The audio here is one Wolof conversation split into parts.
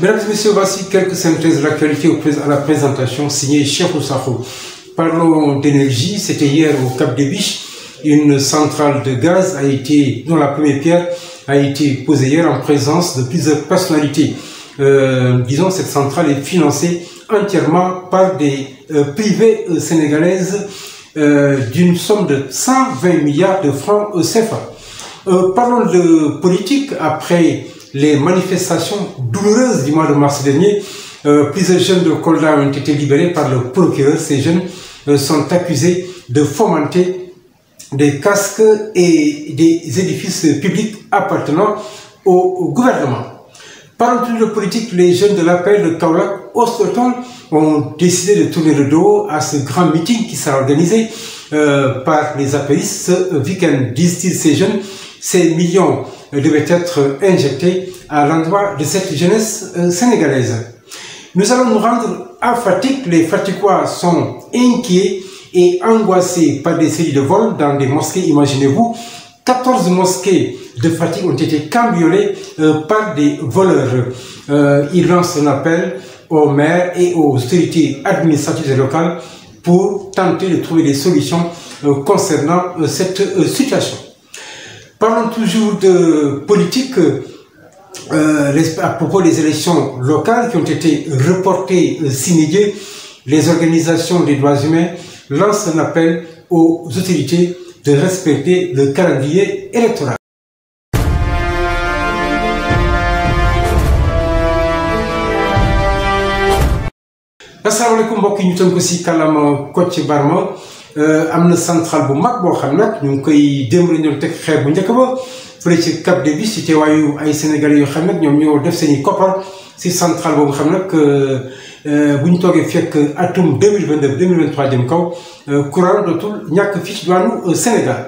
Mesdames et messieurs, voici quelques synthèses de l'actualité à la présentation signée Cheikh Oussafou. Parlons d'énergie, c'était hier au Cap des Biches. Une centrale de gaz a été, dont la première pierre a été posée hier en présence de plusieurs personnalités. Euh, disons, cette centrale est financée entièrement par des euh, privés euh, sénégalaises euh, d'une somme de 120 milliards de francs euh, CFA. Euh, parlons de politique après les manifestations douloureuses du mois de mars dernier. Euh, plusieurs jeunes de Kolda ont été libérés par le procureur. Ces jeunes euh, sont accusés de fomenter des casques et des édifices publics appartenant au, au gouvernement. Par de politique, les jeunes de l'appel de Kaolak, Ostoton, ont décidé de tourner le dos à ce grand meeting qui sera organisé Euh, par les apéistes week-endisent-ils ces jeunes, ces millions euh, devaient être injectés à l'endroit de cette jeunesse euh, sénégalaise. Nous allons nous rendre à Fatik. Les Fatikois sont inquiets et angoissés par des séries de vols dans des mosquées. Imaginez-vous, 14 mosquées de Fatik ont été cambriolées par des voleurs. Euh, ils lancent un appel aux maires et aux autorités administratives et locales pour tenter de trouver des solutions euh, concernant euh, cette euh, situation. Parlons toujours de politique. Euh, à propos des élections locales qui ont été reportées euh, sinier, les organisations des droits humains lancent un appel aux autorités de respecter le calendrier électoral. asalaamaaleykum mbokk yi ñu tënk ko si kàllaama Kocc Barma euh, am na centrale bu mag boo xam nag ñu ngi koy démb la teg xeer bu njëkk ba fële ci Cap des Biches ci teewaayu ay sénégal yoo xam nag ñoom ñoo def seeni i si centrale boobu xam nag euh, euh, bu ñu toogee fekk atum deux mille vingt deux deux mille vingt trois jëm kaw courant dootul ñàkk fii ci diwaanu Sénégal.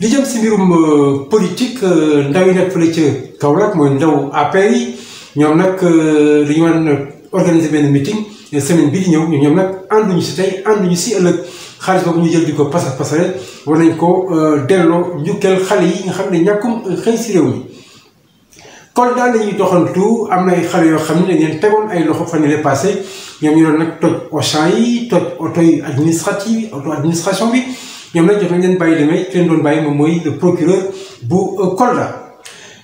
li jëm si mbirum politique ndaw nag fële ca Kaolack mooy ndaw APR yi ñoom nag dañu wan benn meeting. semaine bii di ñëw ñoom nag ànduñu si tey ànduñu si ëllëg xaalis boobu ñu jël di ko pasar pasare war nañ ko euh, delloo njukkeel xale yi nga xam ne ñàkkum xëy si réew mi. kon daal la ñuy doxantu am na ay xale yoo xam ne dañ tegoon ay loxo fan yii passé ñoom ñu doon nag toj Auchan yi toj oto yi administrative auto administration bi ñoom nag jot nañ leen bàyyi demee ki leen doon bàyyi moom mooy le procureur bu euh, Kolda.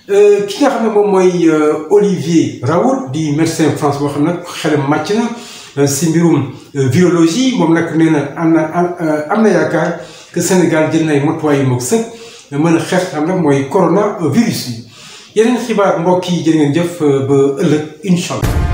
Euh, ki nga xam ne moom mooy Olivier Raoult di médecin France boo xam nag xelam màcc na. Euh, si mbirum euh, virologie moom nag nee na am na am euh, na yaakaar que Sénégal jël nay matuwaay yu mag sëkk mën a xeex xam nag mooy corona virus yi yeneen xibaar mbokk yi jërë ngeen jëf ba ëllëg incha allah